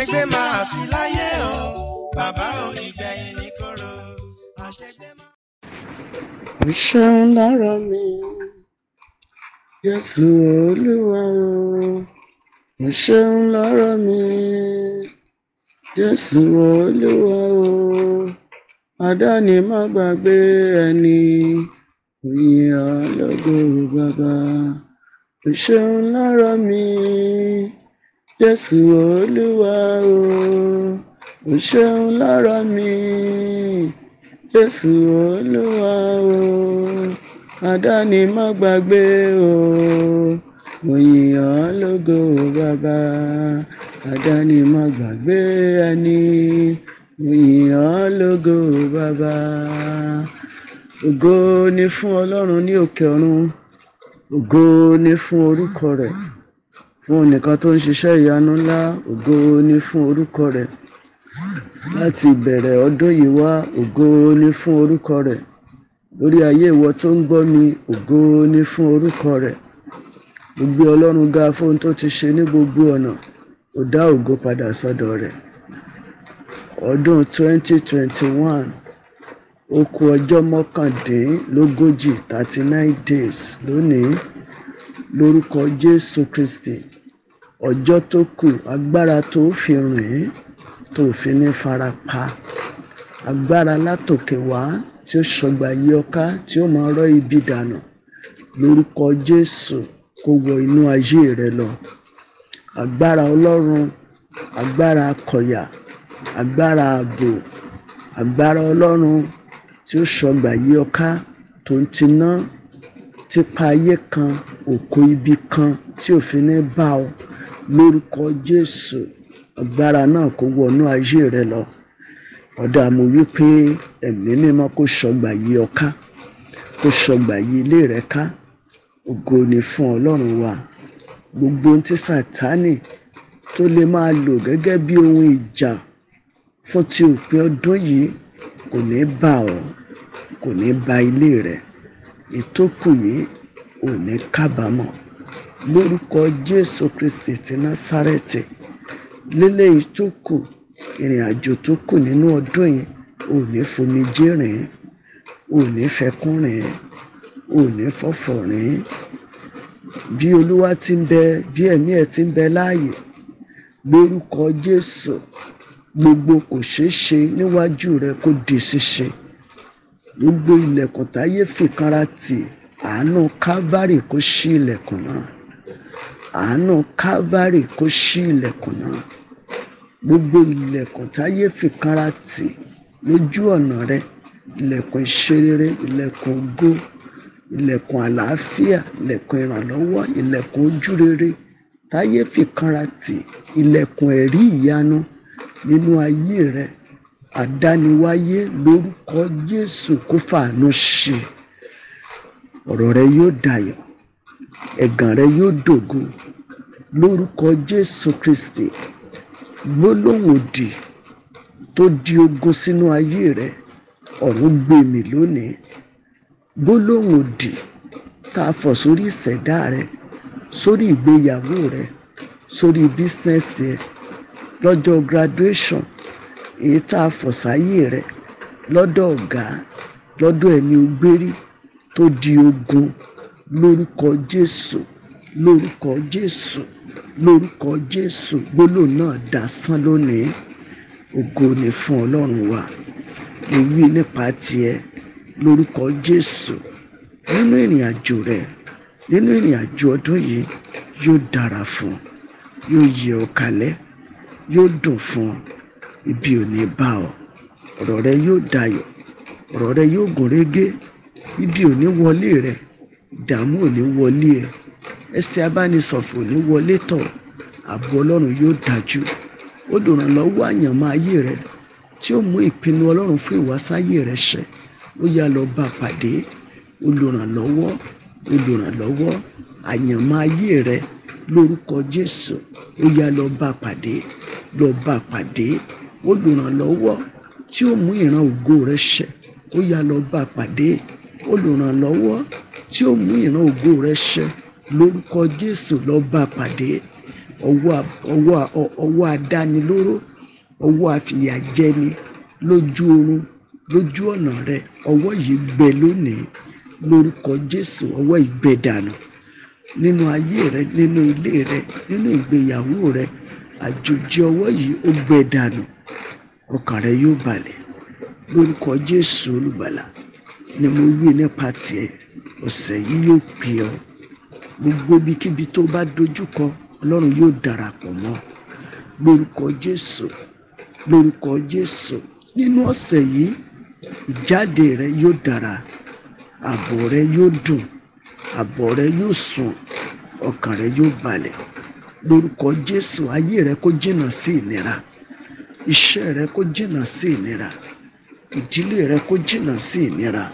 àṣegbé máa sí láyé o bàbá o ìgbẹ̀yìn ní kóró àṣegbé máa. o ṣeun lára mi Jésù Olúwa o o ṣeun lára mi Jésù Olúwa o àdáni má gbàgbé ẹni ìyìn ológo bàbá o ṣeun lára mi. Jésù Olúwa o, o ṣeun lọ́rọ̀ mi. Jésù Olúwa o, àdáni má gbàgbé o, mo yìn ọ́ lógo bàbá. Àdáni má gbàgbé ẹni, mo yìn ọ́ lógo bàbá. Ògo ni fún Ọlọ́run ní òkè ọ̀run, ògo ni fún orúkọ rẹ̀ fún nìkan tó ń ṣiṣẹ́ ìyanu ńlá ògo ni fún orúkọ rẹ̀ láti ìbẹ̀rẹ̀ ọdún yìí wá ògo ni fún orúkọ rẹ̀ lórí ayé ìwọ tó ń gbọ́ mi ògo ni fún orúkọ rẹ̀ mo ọlọ́run ga fóun tó ti ṣe ní gbogbo ọ̀nà ó dá ògo padà sọ́dọ̀ rẹ̀ ọdún 2021 ó kù ọjọ́ mọ́kàndínlógójì 39 days lónìí lórúkọ jésù kristi ọjọ́ tó kù agbára tó fi rìn tó fi ní fara pa agbára látòkè wá tí ó ṣọgbà yí ọká tí ó máa rọ́ ibi dànù lórúkọ Jésù kó wọ inú ayé rẹ lọ agbára Ọlọ́run agbára akọ̀yà agbára ààbò agbára Ọlọ́run tí ó ṣọgbà yí ọká tó ń tiná tipa ayé kan òkò ibi kan tí òfin ní bá ọ lórúkọ Jésù agbára náà kó wọnú ayé rẹ lọ ọ̀dà mo wí pé ẹ̀mí mímọ́ kó sọgbà yí ọ ká kó sọgbà yí ilé rẹ ká ògo ni fún Ọlọ́run wa gbogbo ohun tí Sátánì tó lè máa lò gẹ́gẹ́ bí ohun ìjà fún ti òpin ọdún yìí kò ní bà ọ́ kò ní ba ilé rẹ ètò kù yìí ò ní kábàámọ̀ lórúkọ jésù kristi ti násárẹ́tì léléyìí tó kù ìrìn àjò tó kù nínú ọdún yìí ò ní fomijé rìn ò ní fẹkún rìn ò ní fọ̀fọ̀ rìn bí olúwa ti ń bẹ bí ẹ̀mí ẹ̀ ti ń bẹ láàyè lórúkọ jésù gbogbo kò ṣeé ṣe níwájú rẹ kó di ṣíṣe gbogbo ilẹ̀kùn táyé fìkanra tì àánú kávárì kó ṣí ilẹ̀kùn náà àánú calvary kó ṣí ilẹ̀kùn náà gbogbo ilẹ̀kùn táyé fìkanra tì lójú ọ̀nà rẹ ilẹ̀kùn ìṣerere ilẹ̀kùn ògo ilẹ̀kùn àlàáfíà ilẹ̀kùn ìrànlọ́wọ́ ilẹ̀kùn ojúrere táyé fìkanra tì ilẹ̀kùn ẹ̀rí ìyanu nínú ayé rẹ àdániwáyé lórúkọ Jésù kó fàánú ṣe ọ̀rọ̀ rẹ yóò dayọ̀ ẹ̀gàn rẹ yóò dògo lórúkọ Jésù Kristi gbólóhùn òdì tó di ogun sínú ayé rẹ ọ̀run gbèmí lónìí gbólóhùn òdì tá a fọ̀ sórí ìṣẹ̀dá rẹ sórí ìgbéyàwó rẹ sórí bísínẹ́sì ẹ lọ́jọ́ graduation èyí tá a fọ̀ sáyé rẹ lọ́dọ̀ ọ̀gá lọ́dọ̀ ẹni o tó di ogun lórúkọ Jésù lórúkọ Jésù lórúkọ Jésù gbólóhùn náà dasán lónìí ògo ni fún Ọlọ́run wa mo wí nípa tiẹ̀ lórúkọ Jésù nínú ìrìn àjò rẹ nínú ìrìn àjò ọdún yìí yóò dára fún yóò yẹ ọ́ kalẹ̀ yóò dùn fún ibi ò bá ọ ọ̀rọ̀ rẹ yóò dayọ̀ ọ̀rọ̀ rẹ yóò gùn régé ibi ò wọlé rẹ ìdààmú ò ní wọlé ẹ ẹsẹ̀ abánisọ̀fọ̀ ò ní wọlé tọ̀ ààbò ọlọ́run yóò dájú ó dòrànlọ́wọ́ àyànmọ́ ayé rẹ tí ó mú ìpinnu ọlọ́run fún ìwásáyé rẹ ṣẹ ó yá lọ bá pàdé olùrànlọ́wọ́ olùrànlọ́wọ́ àyànmọ́ ayé rẹ lórúkọ jésù ó yá lọ bá pàdé lọ bá pàdé olùrànlọ́wọ́ tí ó mú ìran ògo rẹ ó yá lọ tí ó mú ìran ògo rẹ ṣẹ lórúkọ Jésù lọ bá pàdé ọwọ́ adánilóró ọwọ́ àfìyàjẹni lójú oorun lójú ọ̀nà rẹ ọwọ́ yìí gbẹ lónìí lórúkọ Jésù ọwọ́ ìgbẹ dànù nínú ayé rẹ nínú ilé rẹ nínú ìgbéyàwó rẹ àjòjì ọwọ́ yìí ó gbẹ dànù ọkàn rẹ yóò balẹ̀ lórúkọ Jésù olùgbàlà na mowie ne pateɛ ọ̀sẹ̀ yìí yóò pè ọ́ gbogbo ibikíbi tó bá dojúkọ ọlọ́run yóò darapọ̀ mọ́ lórúkọ jésù lórúkọ jésù nínú ọ̀sẹ̀ yìí ìjáde rẹ yóò dára àbọ̀ rẹ yóò dùn àbọ̀ rẹ yóò sùn ọkàn rẹ yóò balẹ̀ lórúkọ jésù ayé rẹ kó jìnnà sí ìnira iṣẹ́ rẹ kó jìnnà sí ìnira ìdílé rẹ kó jìnnà sí ìnira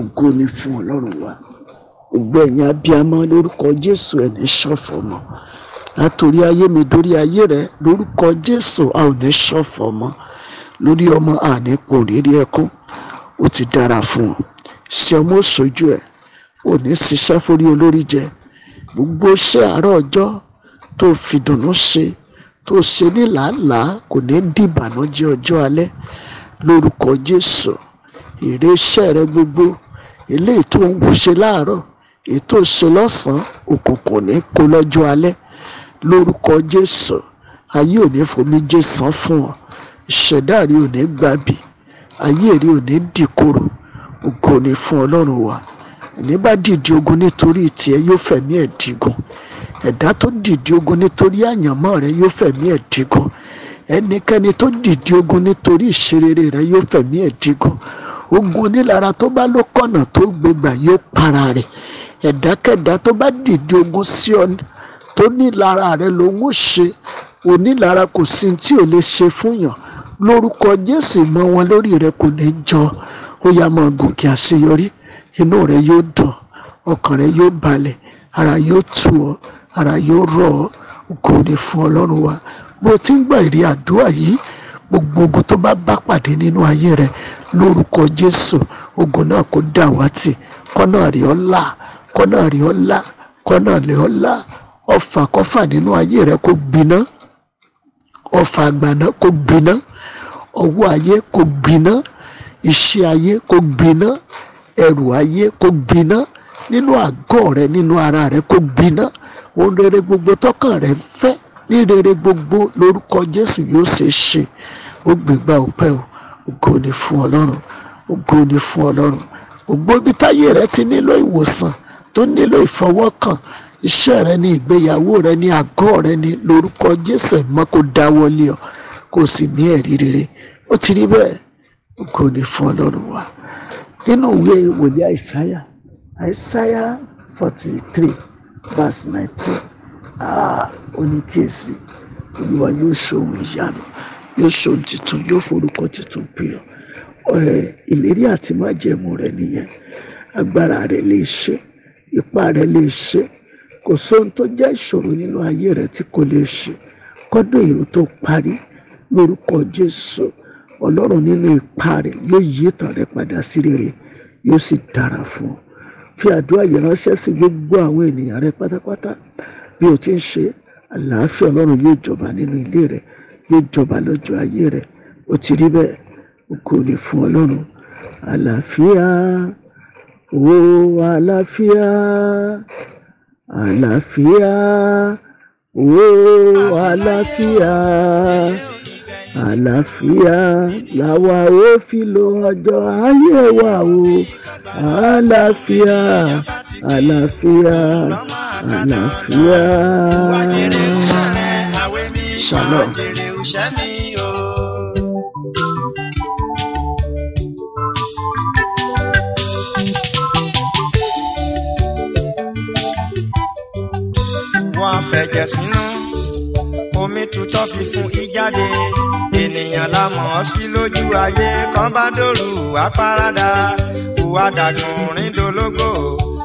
ògo ni fún ọlọ́run wa ògbó ẹ̀yìn abiyamọ lórúkọ jésù ẹ̀ ní ṣọ̀fọ̀ mọ́ látòrí ayé mi dórí ayé rẹ lórúkọ jésù a ò ní ṣọ̀fọ̀ mọ́ lórí ọmọ ànípò rírí ẹkún ó ti dára fún ọ ṣe ọmọ òṣojú ẹ ò ní ṣiṣẹ́ forí olórí jẹ gbogbo ṣe àárọ̀ ọjọ́ tó fi dùnú ṣe tó ṣe ní làálàá kò ní dìbànújẹ́ ọjọ́ alẹ́ lórúkọ jésù ìrẹsẹ̀ rẹ gbogbo eléyìí tó ń ṣe láàárọ̀ èyí tó ń ṣe lọ́sàn-án òkùnkùn ní kó lọ́jọ́ alẹ́ lórúkọ Jésù ayé ò ní fomi jẹ́ san fún ọ ìṣẹ̀dá rí ò ní gbàbì ayé rí ò ní dìkorò ògo ni fún Ọlọ́run wa ẹni bá dìde ogun nítorí tiẹ̀ yóò fẹ̀mí ẹ̀ digun ẹ̀dá tó dìde ogun nítorí àyànmọ́ rẹ yóò fẹ̀mí ẹ̀ digun ẹnikẹ́ni tó dìde ogun nítorí ìṣerere rẹ yóò fẹ̀mí ẹ̀ digun ogun onílara tó bá ló kọ̀nà tó gbégbà yóò para rẹ̀ ẹ̀dákẹ́dá tó bá dìde ogun sí ọ tó nílara rẹ̀ lòun ó ṣe onílara kò sí tí ò lè ṣe fún yàn lórúkọ Jésù mọ́ wọn lórí rẹ̀ kò ní jọ ó yá máa gòkè àṣeyọrí inú rẹ̀ yóò dùn ọkàn rẹ̀ yóò balẹ̀ ara yóò tù ọ́ ara yóò rọ̀ ọ́ ògo ni fún Ọlọ́run wa bó o ti ń gbà èrè àdúrà yìí gbogbo ogun tó bá bá pàdé nínú ayé rẹ lórúkọ Jésù ogun náà kó dàwátì kọ́nà rí ọlá kọ́nà rí ọlá kọ́nà rí ọlá ọfà kọfà nínú ayé rẹ kó gbiná ọfà àgbàná kó gbiná ọwọ́ ayé kó gbiná iṣẹ́ ayé kó gbiná ẹrù ayé kó gbiná nínú àgọ́ rẹ nínú ara rẹ kó gbiná ohun rere gbogbo tọkàn rẹ ń fẹ́ ní rere gbogbo lórúkọ Jésù yóò ṣe ṣe ó gbégbá ọpẹ́ o ògo ni fún ọlọ́run ògo ni fún ọlọ́run gbogbo ibi táyé rẹ ti nílò ìwòsàn tó nílò ìfọwọ́kàn iṣẹ́ rẹ ní ìgbéyàwó rẹ ní àgọ́ rẹ ní lórúkọ jésù mọ́ kó dáwọ́lé ọ kó o sì ní ẹ̀rí rere ó ti rí bẹ́ẹ̀ ògo fún ọlọ́run wa nínú ìwé wòlíì àìsáyà àìsáyà forty three verse nineteen ah oníkèésì olúwa yóò ṣohun ìyanu yóò ṣohun tuntun yóò forúkọ tuntun pè ọ́ ìlérí àti májẹ̀mú rẹ̀ nìyẹn agbára rẹ̀ lè ṣe ipá rẹ̀ lè ṣe kò sóhun tó jẹ́ ìṣòro nínú ayé rẹ̀ tí kò lè ṣe kọ́dún yìí tó parí lórúkọ Jésù Ọlọ́run nínú ipá rẹ̀ yóò yí ìtàn rẹ̀ padà sí rere yóò sì dára fún ọ fi àdúrà yìí ránṣẹ́ sí gbogbo àwọn ènìyàn rẹ pátápátá bí o ti ń ṣe àlàáfíà Ọlọ́run yóò jọba nínú ilé rẹ yóò jọba lọjọ ayé rẹ ó ti rí bẹẹ o kò lè fún ọlọrun àlàáfíà wo, àlàáfíà àlàáfíà o àlàáfíà àlàáfíà làwa ó fi lo ọjọ ayé wa o àlàáfíà àlàáfíà àlàáfíà shalom ṣẹ́ mi o. Wọ́n fẹ̀jẹ̀ sínú, omi tutọ́ fi fún ìjáde. Ènìyàn la mọ̀ ọ́ sí lójú ayé, kan bá dòrú wá parada. Ìwà dàgùn rìn dológo,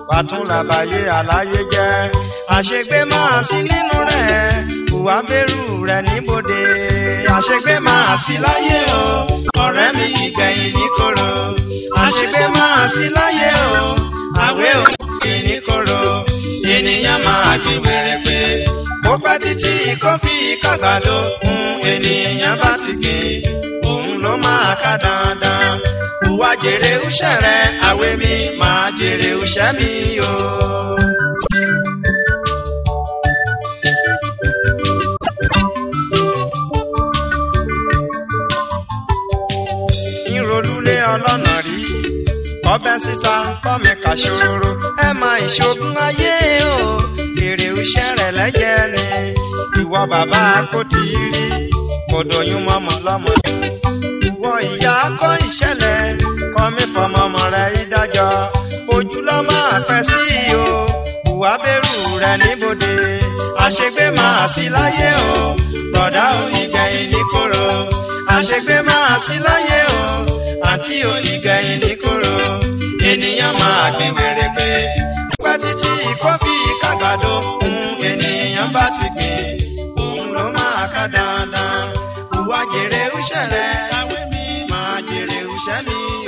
wàá tún làbàyé àláyé jẹ́ àṣegbé máa sí nínú rẹ̀ ìwà bẹ̀rù rẹ̀ níbodè àṣegbé máa sí láyé o ọ̀rẹ́ mi ìgbẹ̀yìn ní koro àṣegbé máa sí láyé o àwẹ̀ ò ní koro ènìyàn máa gbé wéré pé bó pẹ́ títí kọ́fí kàgbàdo ń ènìyàn bá ti gbé òun ló máa ká dandan ìwà jèrè òṣèré àwẹ̀ mi máa jèrè òṣè mi o. bàbá Kódìrí kò dọ̀yún mọ́mọ́ lọ́mọ. Ìwọ ìyá kọ́ ìṣẹ̀lẹ̀ kọ́ mi fọmọmọ rẹ̀ ìdájọ́. Ojú lọ máa fẹ́ sí o, ìwà bẹ̀rù rẹ̀ níbodè. Àṣegbé máa sí láyé o, bọ̀dá o ìgbẹ̀yìn ní kòrò. Àṣegbé máa sí láyé o, àǹtí o ìgbẹ̀yìn ní kòrò. Ènìyàn máa gbé wèrè pé. Pẹ́ títí kọ́fì kàgbàdo, ènìyàn bá ti iṣẹ́ rẹ̀. Kàwé mi. Máa jèrè iṣẹ́ mi.